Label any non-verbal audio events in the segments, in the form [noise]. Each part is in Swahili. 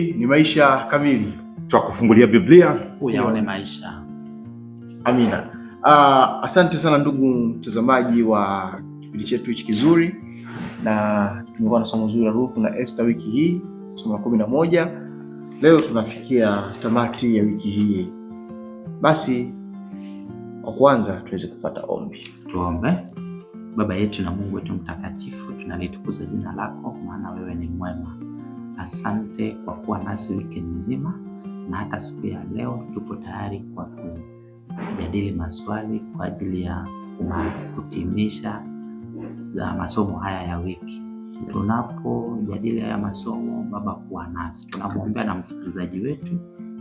Ni Maisha Kamili, twakufungulia Biblia uyaone maisha. Amina. Uh, asante sana ndugu mtazamaji wa kipindi chetu hichi kizuri, na tumekuwa na somo zuri la Ruthu na Esta wiki hii, somo la kumi na moja. Leo tunafikia tamati ya wiki hii, basi kwa kwanza tuweze kupata ombi. Tuombe. Baba yetu na Mungu wetu mtakatifu, tunalitukuza jina lako, maana wewe ni mwema Asante kwa kuwa nasi wiki nzima na hata siku ya leo tupo tayari kwa kujadili maswali kwa ajili ya kutimisha masomo haya ya wiki. Tunapojadili haya masomo, Baba kuwa nasi, tunamwombea na msikilizaji wetu,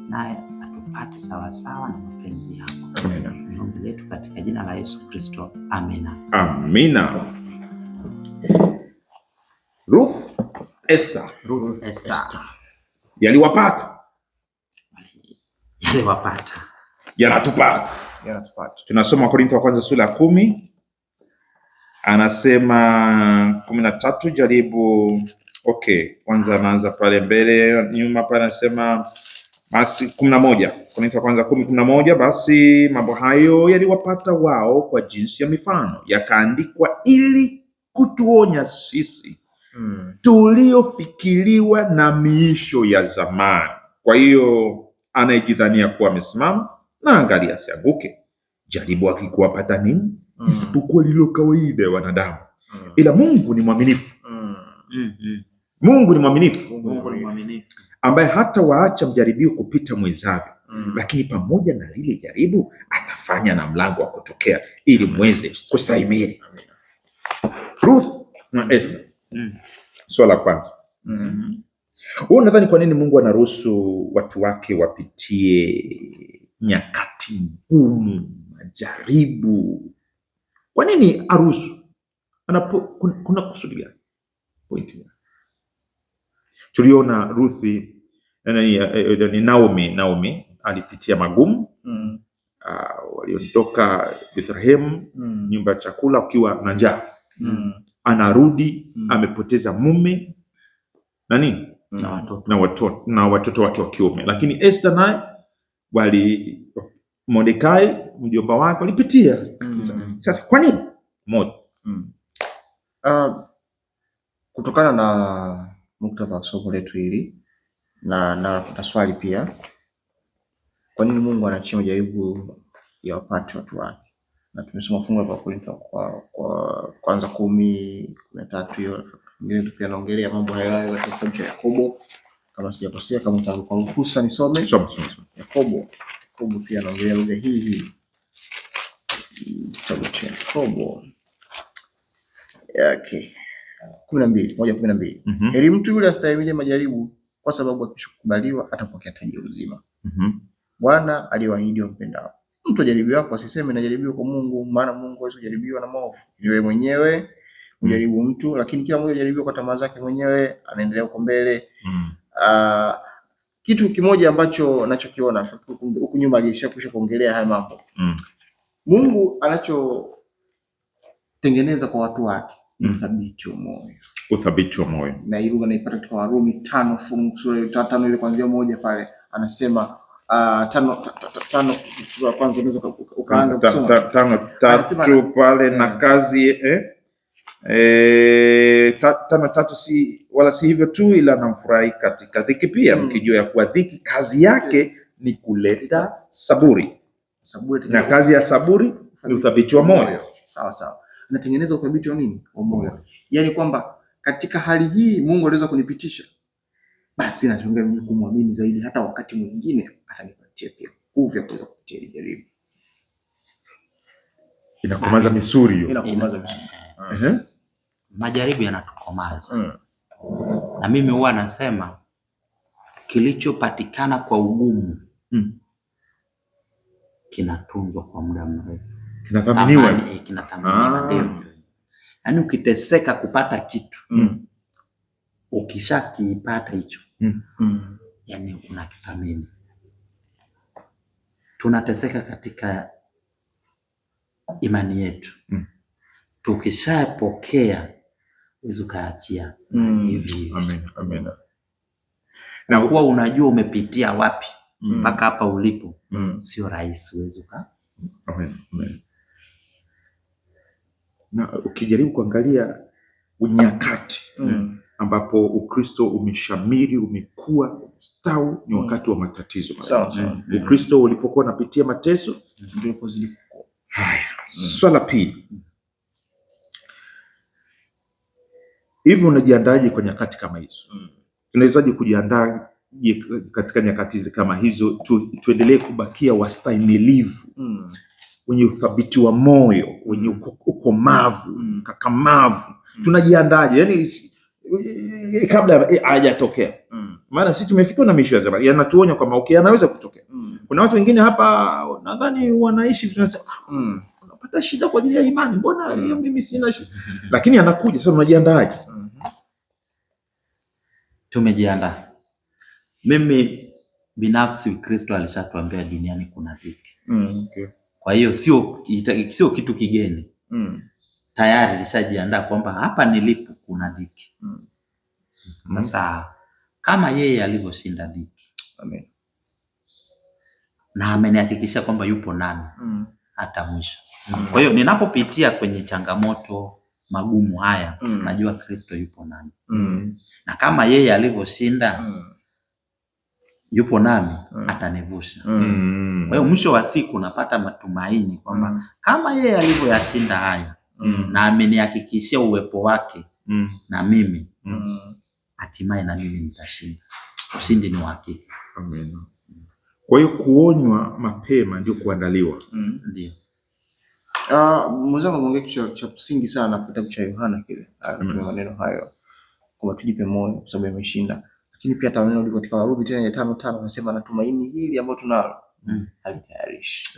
naye atupate sawasawa na mapenzi yako. Ombi letu katika jina la Yesu Kristo, amina, amina. Ruth Esther. Ruth Esther. Yaliwapata. Yaliwapata. Yanatupata. Yanatupata. Tunasoma Korintho wa kwanza sura ya kumi anasema kumi na tatu jaribu okay, kwanza anaanza pale mbele nyuma pale anasema basi kumi na moja Korintho wa kwanza kumi kumi na moja basi mambo hayo yaliwapata wao kwa jinsi ya mifano, yakaandikwa ili kutuonya sisi mm. tuliofikiriwa na miisho ya zamani. Kwa hiyo anayejidhania kuwa amesimama na angalia asianguke, jaribu akikuwapata nini mm. isipokuwa lilo kawaida ya wanadamu mm. ila Mungu ni mwaminifu mm. Mm -hmm. Mungu ni mwaminifu, ambaye hata waacha mjaribio kupita mwenzavyo mm. lakini pamoja na lile jaribu atafanya na mlango wa kutokea ili mweze kustahimili. Ruth na Esther mm. Swala la kwanza mm huu -hmm. Nadhani kwa nini Mungu anaruhusu watu wake wapitie nyakati ngumu, majaribu? Kwa nini aruhusu? Kuna kusudi gani? Pointi tuliona Ruthi eh, eh, eh, Naomi, Naomi alipitia magumu mm. Uh, waliondoka bethlehem mm. nyumba ya chakula ukiwa na njaa mm anarudi mm. amepoteza mume na nini mm. na watoto na watoto, na watoto wake wa kiume, lakini Esther naye wali Mordekai mjomba wake walipitia mm. Sasa kwa nini moja mm. uh, kutokana na muktadha wa somo letu hili na, na, na swali pia, kwa nini Mungu anachima jaribu ya watu wake? na tumesoma fungu la Wakorintho kwa, kwa kwanza kumi kumi na tatu hiyo ingine, tukiwa naongelea mambo hayo hayo katika kitabu cha Yakobo kama sijakosea, kama tangu kwangu kusa nisome Yakobo. Yakobo pia anaongelea lugha hii hii, kitabu cha Yakobo yake kumi na mbili moja kumi na mbili mhm. heri mtu yule astahimili majaribu, kwa sababu akishakubaliwa atapokea taji ya uzima mhm. Bwana aliwaahidi wampendao. Mtu ajaribu wako asiseme najaribiwa kwa Mungu, maana Mungu hawezi kujaribiwa na maovu. Ni wewe mwenyewe ujaribu mm. mtu, lakini kila mmoja ajaribiwa kwa tamaa zake mwenyewe, anaendelea huko mbele. Mm. Uh, kitu kimoja ambacho nachokiona huku nyuma alishakwisha kuongelea haya mambo. Mm. Mungu anachotengeneza kwa watu wake ni mm. uthabiti wa moyo. Uthabiti wa moyo. Na hilo naipata kwa Warumi tano fungu sura ya tano ile kuanzia moja pale anasema Ah, tano kwanza unaweza ukaanza kusoma tano ah, tatu pale na eh. kazi eh, eh tano tatu si wala si hivyo tu, ila namfurahi katika dhiki pia mm, mkijua ya kuwa dhiki kazi yake ni kuleta saburi, saburi na kazi ya saburi ni uthabiti wa moyo. Sawa sawa, natengeneza uthabiti wa nini wa moyo, yani kwamba katika hali hii Mungu aliweza kunipitisha basi nachonga mimi kumwamini zaidi, hata wakati mwingine atanipatia pia nguvu ya kuweza kupitia ile jaribu. Inakomaza misuri hiyo, inakomaza misuri. Eh. majaribu yanatukomaza. Mm. Na mimi huwa nasema kilichopatikana kwa ugumu mm. kinatunzwa kwa muda mrefu, kinathaminiwa, kinathaminiwa. Ah. Yaani ukiteseka kupata kitu mm ukishakiipata hicho mm -hmm. yani unakithamini. Tunateseka katika imani yetu mm. Tukishapokea wezi ukaachia hivi mm. Na kuwa unajua umepitia wapi mm. mpaka mm. hapa ulipo mm. sio rahisi wezi uka Amen. Amen. Na ukijaribu kuangalia unyakati mm. mm ambapo Ukristo umeshamiri, umekuwa, stau ni mm. wakati wa matatizo. Mm. Mm. Ukristo ulipokuwa unapitia mateso ndipo la haya. Swala pili, hivi unajiandaje kwa nyakati kama hizo? Tunawezaje kujiandaa katika nyakati kama hizo? Tu, tuendelee kubakia wastahimilivu mm. wenye uthabiti wa moyo, wenye ukomavu, mm. Tunajiandaje? yani kabla hajatokea mm. Maana sisi tumefikiwa na maisha ya zamani yanatuonya kwamba okay, anaweza kutokea mm. Kuna watu wengine hapa nadhani wanaishi tunasema ah, mm. Unapata shida kwa ajili ya imani, mbona mm. hiyo mm. Mimi sina shida [laughs] lakini anakuja sasa, unajiandaaje? mm -hmm. Tumejiandaa. Mimi binafsi Kristo alishatuambia duniani kuna dhiki mm, okay. Kwa hiyo sio sio kitu kigeni mm tayari lishajiandaa kwamba hapa nilipo kuna dhiki. mm. Sasa kama yeye alivyoshinda dhiki Amen. na amenihakikishia kwamba yupo nami mm. hata mwisho mm. kwa hiyo ninapopitia kwenye changamoto magumu haya mm. najua Kristo yupo nami mm. na kama yeye alivyoshinda mm. yupo nami mm. atanivusha. mm. Kwa hiyo mwisho wa siku napata matumaini kwamba mm. kama yeye alivyoyashinda haya mm. na amenihakikishia uwepo wake mm. na mimi mm. hatimaye mm. na mimi nitashinda. Ushindi ni wa Amen. Kwa hiyo kuonywa mapema ndio kuandaliwa. mm. Ndio. Uh, mwenzangu ameongea kitu cha msingi sana kitabu cha Yohana kile ah, mm. maneno hayo Kwa tujipe moyo kwa sababu ameshinda, lakini pia hata neno liko katika Warumi tena tano tano anasema natumaini hili ambalo tunalo mm. halitayarishi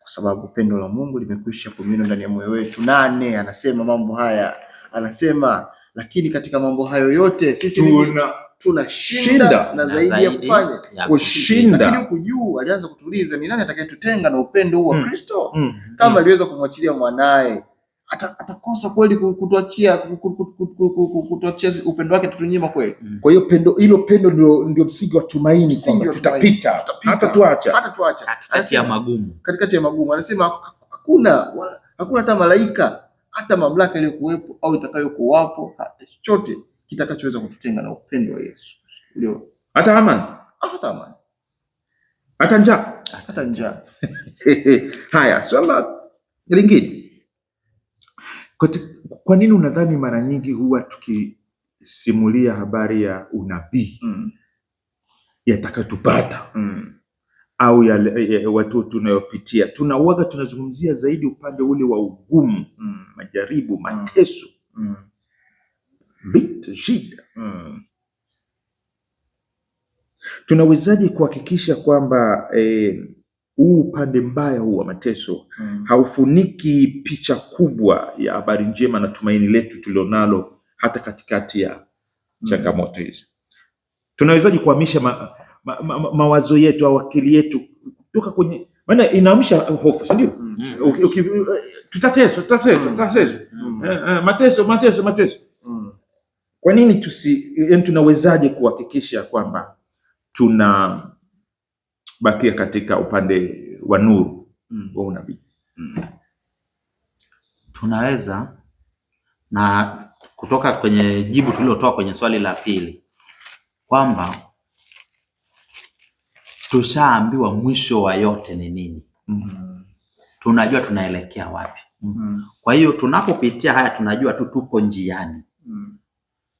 kwa sababu pendo la Mungu limekwisha kuminwa ndani ya moyo wetu. Nane anasema mambo haya, anasema lakini katika mambo hayo yote sisi tuna tunashinda na zaidi ya kufanya kushinda. Lakini huku juu alianza kutuliza, ni nani atakayetutenga na upendo huu wa hmm. Kristo? mm. mm. kama hmm. aliweza kumwachilia mwanaye atakosa kweli kutuachia kutuachia upendo wake tutunyima kweli. Mm. Kwa hiyo pendo hilo pendo ndio ndio msingi wa tumaini kwamba tutapita, hata tuacha hata tuacha katikati ya magumu, katikati ya magumu. Anasema hakuna hakuna hata malaika hata mamlaka iliyokuwepo au itakayokuwapo hata chochote kitakachoweza kututenga na upendo wa Yesu, ndio hata amani, ah, hata amani, hata njaa, hata njaa. [laughs] Haya, swala lingine kwa nini unadhani mara nyingi huwa tukisimulia habari ya unabii mm. yatakatupata mm. au ya, ya e, e, watu tunayopitia, tunauaga tunazungumzia zaidi upande ule wa ugumu mm. majaribu, mm. mateso mm. vitu, shida mm. tunawezaje kuhakikisha kwamba eh, huu upande mbaya huu wa mateso mm. haufuniki picha kubwa ya habari njema na tumaini letu tulilonalo hata katikati ya mm. changamoto hizi. Tunawezaje kuhamisha ma, ma, ma, ma, mawazo yetu au akili yetu kutoka kwenye, maana inaamsha hofu, si ndio? mm. mm. Eh, tutateswa, tutateswa, mm. tutateswa eh, eh, mateso, mateso, mateso mm. kwa nini tusi, tunawezaje kuhakikisha kwamba tuna bakia katika upande wa nuru mm. wa unabii mm. tunaweza na kutoka kwenye jibu tulilotoa kwenye swali la pili kwamba tushaambiwa mwisho wa yote ni nini mm. tunajua tunaelekea wapi mm. kwa hiyo tunapopitia haya tunajua tu tupo njiani mm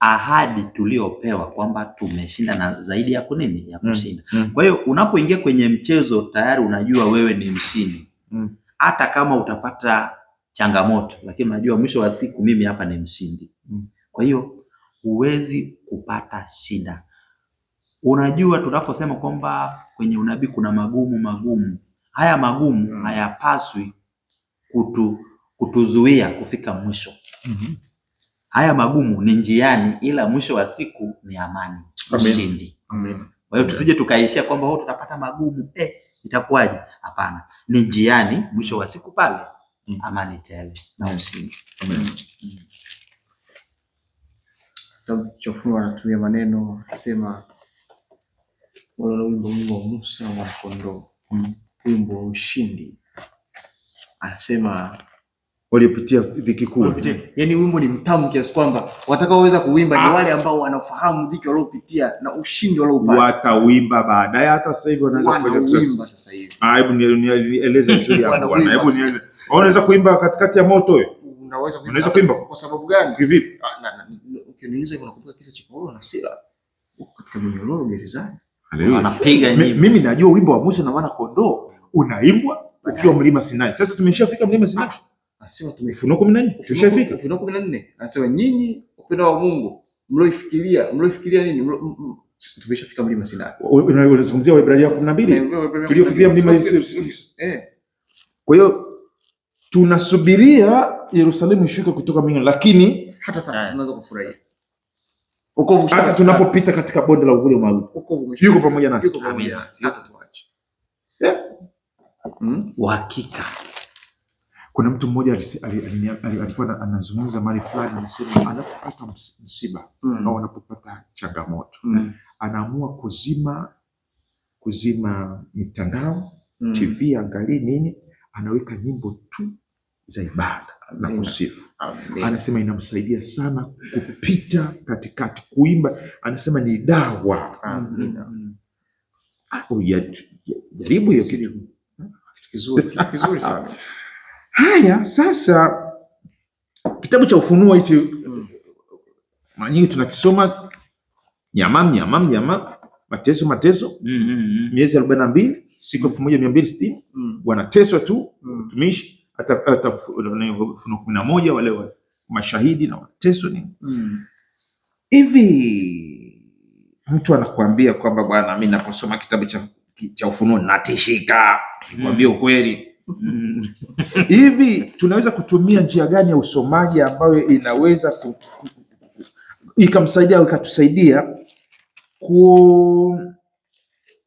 ahadi tuliopewa kwamba tumeshinda na zaidi ya kunini ya mm, kushinda. mm. Mm. Kwa hiyo unapoingia kwenye mchezo tayari unajua wewe ni mshindi mm. hata mm. kama utapata changamoto, lakini unajua mwisho wa siku mimi hapa ni mshindi mm. Kwa hiyo huwezi kupata shida. Unajua, tunaposema kwamba kwenye unabii kuna magumu magumu, haya magumu mm. hayapaswi kutu, kutuzuia kufika mwisho mm -hmm haya magumu ni njiani, ila mwisho wa siku ni amani, ushindi. Kwa hiyo tusije tukaishia kwamba wao tutapata magumu eh, itakuwaje? Hapana, ni njiani, mwisho wa siku pale mm. amani tele na ushindi. Mm. Kitabu anatumia maneno akisema wala wimbo wa Musa wa kondoo, mm. wimbo wa ushindi, anasema waliopitia dhiki kuu. Yaani wimbo ni mtamu kiasi kwamba watakaoweza kuimba ni ah. wale ambao wanafahamu dhiki waliopitia na ushindi waliopata. Watawimba baadaye, hata sasa hivi wanaweza kuimba sasa hivi. Ah, hebu nieleze vizuri hapo [laughs] bwana. Hebu nieleze. Unaweza kuimba katikati ya moto wewe? Unaweza kuimba. Unaweza kuimba kwa sababu gani? Kivipi? Ah, ukiniuliza hivyo nakumbuka kisa cha Paulo na Sila Uko katika mnyororo gerezani. Anapiga nyimbo. Mimi najua wimbo wa Musa na wana kondoo unaimbwa ukiwa mlima Sinai. Sasa tumeshafika mlima Sinai anasema tumefunuo kumi na nne tushafika Ufunuo kumi na nne anasema nyinyi upendo wa Mungu mlioifikiria mlioifikiria nini, tumeshafika mlima Sinai. Unazungumzia Waebrania kumi na mbili tuliofikiria mlima. Eh. Kwa hiyo tunasubiria Yerusalemu ishuke kutoka mbinguni, lakini hata sasa eh. tunaweza kufurahia wokovu, hata tunapopita katika bonde la uvuli wa mauti yuko pamoja nasi, Amina, tuache eh. hmm? hakika kuna mtu mmoja alikuwa anazungumza mali fulani, anasema anapopata msiba mm. au anapopata changamoto mm. anaamua kuzima kuzima mitandao mm. TV angalii nini, anaweka nyimbo tu za ibada na kusifu. Anasema inamsaidia sana kupita katikati, kuimba anasema ni dawa. Mm. Ah, oh, jaribu hiyo kitu kizuri sana. [laughs] Haya sasa, kitabu cha Ufunuo hicho mm. mara nyingi tunakisoma nyamam nyamam nyama, mateso mateso, mm, mm, mm, miezi arobaini na mbili siku mm. elfu moja mia mbili sitini mm. wanateswa tu mtumishi mm. hata hata Ufunuo kumi na moja wale wa mashahidi na wanateswa ni hivi mm. mtu anakuambia kwamba bwana, mimi naposoma kitabu cha, cha Ufunuo natishika, nikwambia mm. ukweli Mm. [laughs] Hivi tunaweza kutumia njia gani ya usomaji ambayo inaweza ku, ku, ikamsaidia au ikatusaidia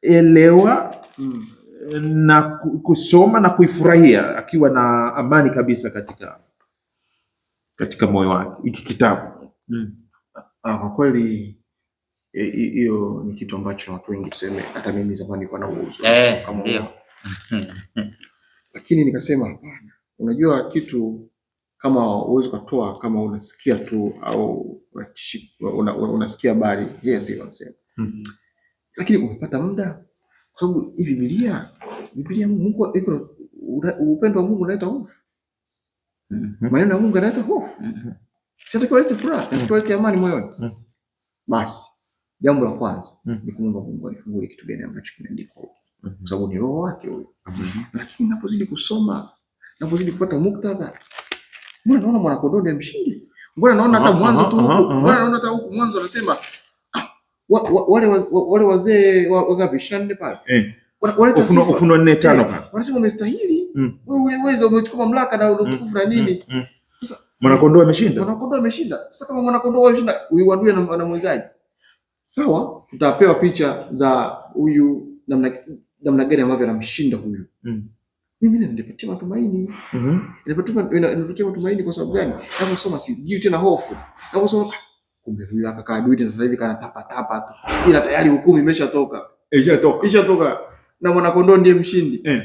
kuelewa mm. na kusoma na kuifurahia akiwa na amani kabisa katika katika moyo wake hiki kitabu mm. Ah, kwa kweli hiyo ni kitu ambacho watu wengi tuseme, hata mimi zamani nilikuwa na uwezo eh, kama [laughs] Lakini nikasema hapana, unajua kitu kama uwezo ukatoa kama unasikia tu au una, una, unasikia habari yes, mm-hmm. Lakini umepata muda, kwa sababu hii Biblia Biblia Mungu iko upendo wa Mungu unaleta hofu mm -hmm. maneno ya Mungu yanaleta hofu mm -hmm. sitakiwa lete furaha mm -hmm. amani moyoni mm -hmm. Basi jambo la kwanza mm -hmm. ni kumwomba Mungu afungue kitu gani ambacho kimeandikwa kwa sababu ni roho wake huyo mhm. Lakini napozidi kusoma, napozidi kupata muktadha, mbona naona mwanakondoo ndiye mshindi, mbona naona hata mwanzo tu huku, mbona naona hata huku mwanzo anasema ah, wale wale wazee wangapi, ishirini na nne pale eh. Ufunuo nne tano eh, pale wanasema umestahili mm. wewe, ule uwezo umechukua mamlaka na mm, utukufu na mm, nini. Sasa mwanakondoo ameshinda, mwanakondoo ameshinda. Sasa kama mwanakondoo ameshinda, uiwadue na anamwezaje? Sawa, tutapewa picha za huyu namna namna gani ambavyo anamshinda huyu mm. Mimi nilipatia matumaini mm -hmm. Nilipatia matumaini kwa sababu gani? Naposoma sijui tena hofu, naposoma ah, kumbe huyu akakaa dude, sasa hivi kana tapa tapa tu, ila tayari hukumu imeshatoka, ishatoka, ishatoka na mwana kondoo ndiye mshindi eh.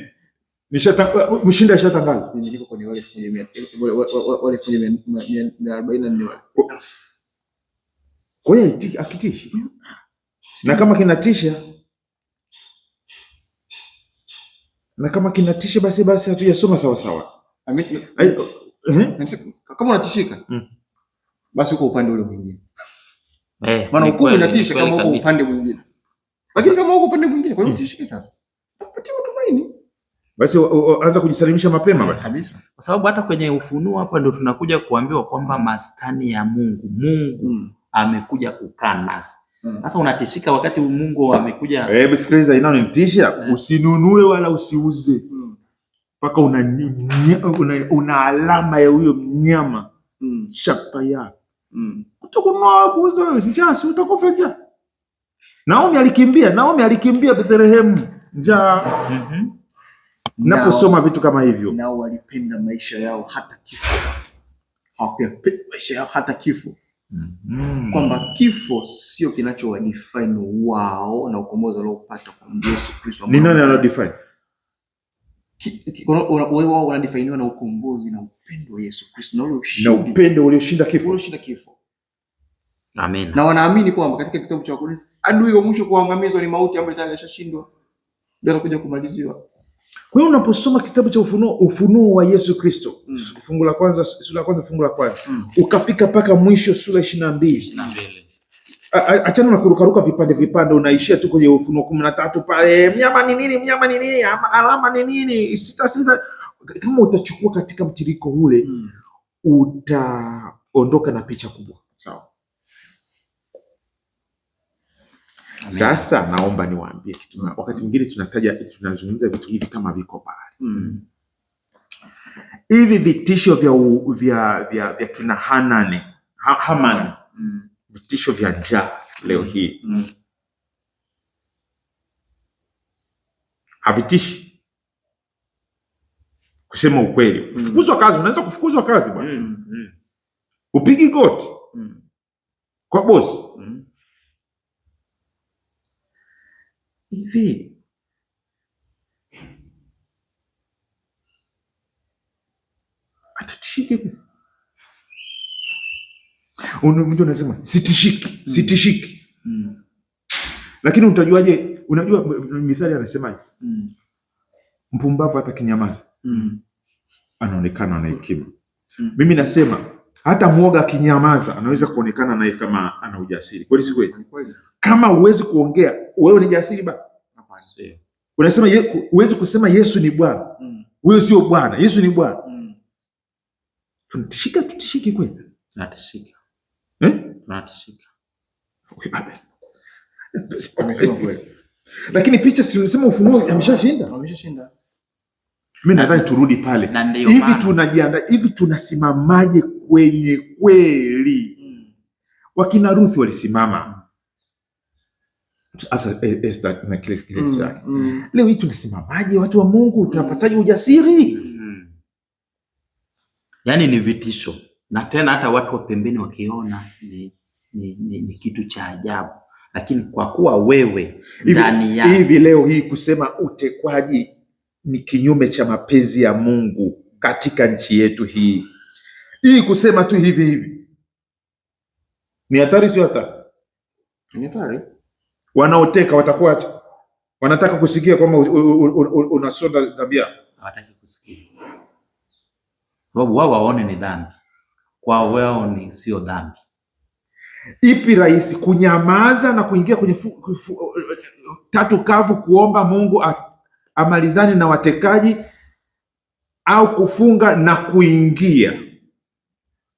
nishatangaza eh, Mshindi ashatangaza. mimi Niko kwenye wale elfu wale mia arobaini na nne wale. Kwa hiyo akitishi ah, na kama kinatisha na kama kinatisha basi basi hatujasoma sawa sawa. Eh, eh? Kama unatishika hmm. basi uko upande ule mwingine, eh, maana hukumu inatisha kama uko upande mwingine, lakini kama uko upande mwingine, kwa nini hmm. utishike sasa? Tupatie matumaini basi, anza kujisalimisha mapema basi kabisa, kwa sababu hata kwenye ufunuo hapa ndio tunakuja kuambiwa kwamba maskani ya Mungu, Mungu hmm. amekuja kukaa nasi sasa mm. unatisika wakati Mungu amekuja. Hebu sikiliza, inayonitisha mm. Eh. usinunue wala usiuze mpaka mm. una, una, una alama ya huyo mnyama mm. chapa ya mm. utakunua kuuza, njaa si utakufa njaa. Naomi alikimbia, Naomi alikimbia Bethlehemu njaa mm -hmm. Naposoma vitu kama hivyo, nao walipenda maisha yao hata kifo, hawakuyapenda maisha yao hata kifo -hmm. kwamba kifo sio kinachowadefine wao na ukombozi waliopata kwa Yesu Kristo. Ni nani anadefine wao? Wanadefiniwa na ukombozi na upendo wa Yesu Kristo na ushindi na upendo ulioshinda kifo, ulioshinda kifo. Amen. Na wanaamini kwamba katika kitabu cha Wakorintho adui wa mwisho kuangamizwa ni mauti ambayo tayari yashashindwa, ndio atakuja kumaliziwa kwa hiyo unaposoma kitabu cha Ufunuo, ufunuo wa Yesu Kristo mm. fungu la kwanza, sura ya kwanza fungu la kwanza mm. ukafika mpaka mwisho sura ishirini na mbili achana na kurukaruka vipande vipande, unaishia tu kwenye Ufunuo kumi na tatu pale, mnyama ni nini, mnyama ni nini, alama ni nini, sita sita. Kama utachukua katika mtiriko ule mm. utaondoka na picha kubwa, sawa Sasa naomba niwaambie kitu, mm. wakati mwingine tunataja tunazungumza vitu hivi kama viko pale mm. hivi vitisho vya, vya, vya, vya kina Hanani ha, Haman mm. vitisho vya njaa leo mm. hii mm. havitishi, kusema ukweli. Mm. Kufukuzwa kazi, unaweza kufukuzwa kazi bwana mm. upigi goti mm. kwa bosi mm hivi atutishiki. Mtu anasema sitishiki, mm. sitishiki mm. Lakini utajuaje? Unajua mithali anasemaje? mm. Mpumbavu hata kinyamaza mm. anaonekana na hekima mm. Mimi nasema hata mwoga akinyamaza anaweza kuonekana naye kama ana ujasiri, kweli si kweli? Kama huwezi kuongea wewe ni jasiri ba, unasema huwezi kusema Yesu ni Bwana mm. huyo, mm. sio Bwana, Yesu ni Bwana mm. tunatishika, tutishiki kweli? Tunatishika eh? Tunatishika lakini picha tunasema ufunuo ameshashinda, ameshashinda. Mimi nadhani turudi pale hivi, tunajiandaa hivi, tunasimamaje kwenye kweli. Mm. Wakina Ruthi walisimama, hasa eh, Esta na kile kile chake. Mm, mm. Leo hii tunasimamaje? Watu wa Mungu tunapataje ujasiri? yani Yaani ni vitisho, na tena hata watu wa pembeni wakiona ni, ni, ni, ni kitu cha ajabu lakini kwa kuwa wewe ndani ya hivi leo hii kusema utekwaji ni kinyume cha mapenzi ya Mungu katika nchi yetu hii hii kusema tu hivi hivi ni hatari, sio hatari? Ni hatari. Wanaoteka watakuwa wanataka kusikia kwamba unasonda dhambi yao, hawataki kusikia, sababu wao waone ni dhambi, kwa wao ni sio dhambi. Ipi rahisi, kunyamaza na kuingia kwenye tatu kavu, kuomba Mungu amalizane na watekaji, au kufunga na kuingia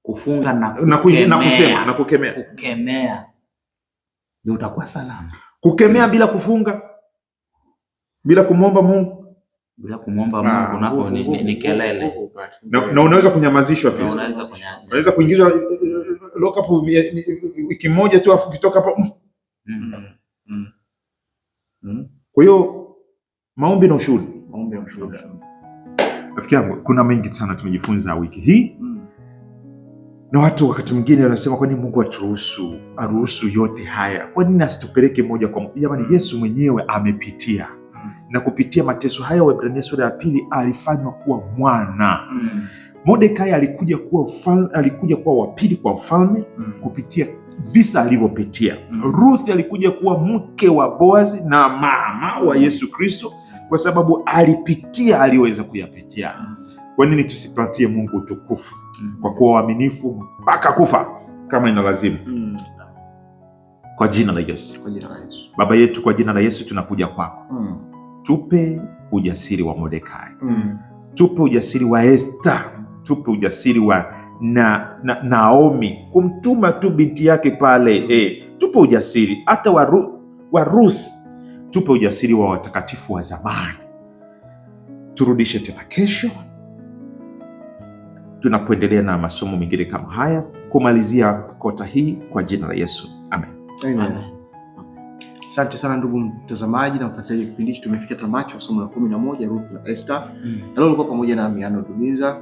kufunga na kukemea, na kukemea, na kusema, na kukemea. Kukemea ndio utakuwa salama. Kukemea bila kufunga, bila kumwomba Mungu, bila kumwomba Mungu ah, nako ni ni, kelele, na na unaweza kunyamazishwa pia. Unaweza unaweza kuingizwa eh, eh, lock up wiki moja tu, afu kitoka hapo. Mm. Mm-hmm. Mm-hmm. Mm-hmm. Kwa hiyo maombi na ushuhuda, maombi na ushuhuda. Rafiki yangu, kuna mengi sana tumejifunza wiki hii. Mm na watu wakati mwingine wanasema kwani Mungu aturuhusu aruhusu yote haya, kwa nini asitupeleke moja kwa moja? Jamani, mm. Yesu mwenyewe amepitia mm. na kupitia mateso haya, Waebrania sura ya pili, alifanywa kuwa mwana mm. Mordekai alikuja kuwa mfalme, alikuja kuwa wa pili kwa mfalme mm. kupitia visa alivyopitia mm. Ruth alikuja kuwa mke wa Boazi na mama wa mm. Yesu Kristo kwa sababu alipitia aliweza kuyapitia mm. Kwa nini tusipatie Mungu utukufu mm. kwa kuwa waaminifu mpaka kufa kama ina lazima? Mm. kwa jina la Yesu, kwa jina la Yesu. Baba yetu kwa jina la Yesu tunakuja kwako mm. tupe ujasiri wa Mordekai mm. tupe ujasiri wa Esta tupe ujasiri wa na, na, Naomi kumtuma tu binti yake pale mm. eh. tupe ujasiri hata wa, Ru, wa Ruth tupe ujasiri wa watakatifu wa zamani turudishe tena kesho tunapoendelea na masomo mengine kama haya kumalizia kota hii kwa jina la Yesu Amen. Amen. Asante sana ndugu mtazamaji na mfuatiliaji kipindi hichi, tumefikia tamati wa somo la kumi na moja Ruth na Esther. Mm. Na leo ulikuwa pamoja na Miano Dumiza,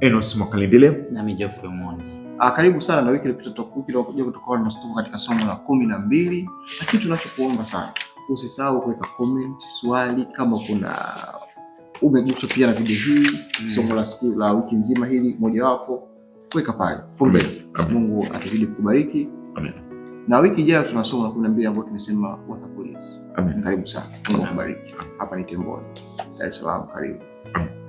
Enos Mwakalindile na mimi Geoffrey Mondi. Ah, karibu sana na wiki iliyopita tutakuja kutoka na tuko katika somo la kumi na mbili, lakini tunachokuomba sana usisahau kuweka comment, swali kama kuna umeguswa pia na video hii mm. somo la siku la wiki nzima hili mojawapo, weka pale pongezi. Mungu atazidi kukubariki. Amen. Na wiki ijayo tuna somo la kumi na mbili ambao tumesema amen. Karibu sana, Mungu akubariki. Hapa ni Temboni, Dar es Salaam, karibu. Amen.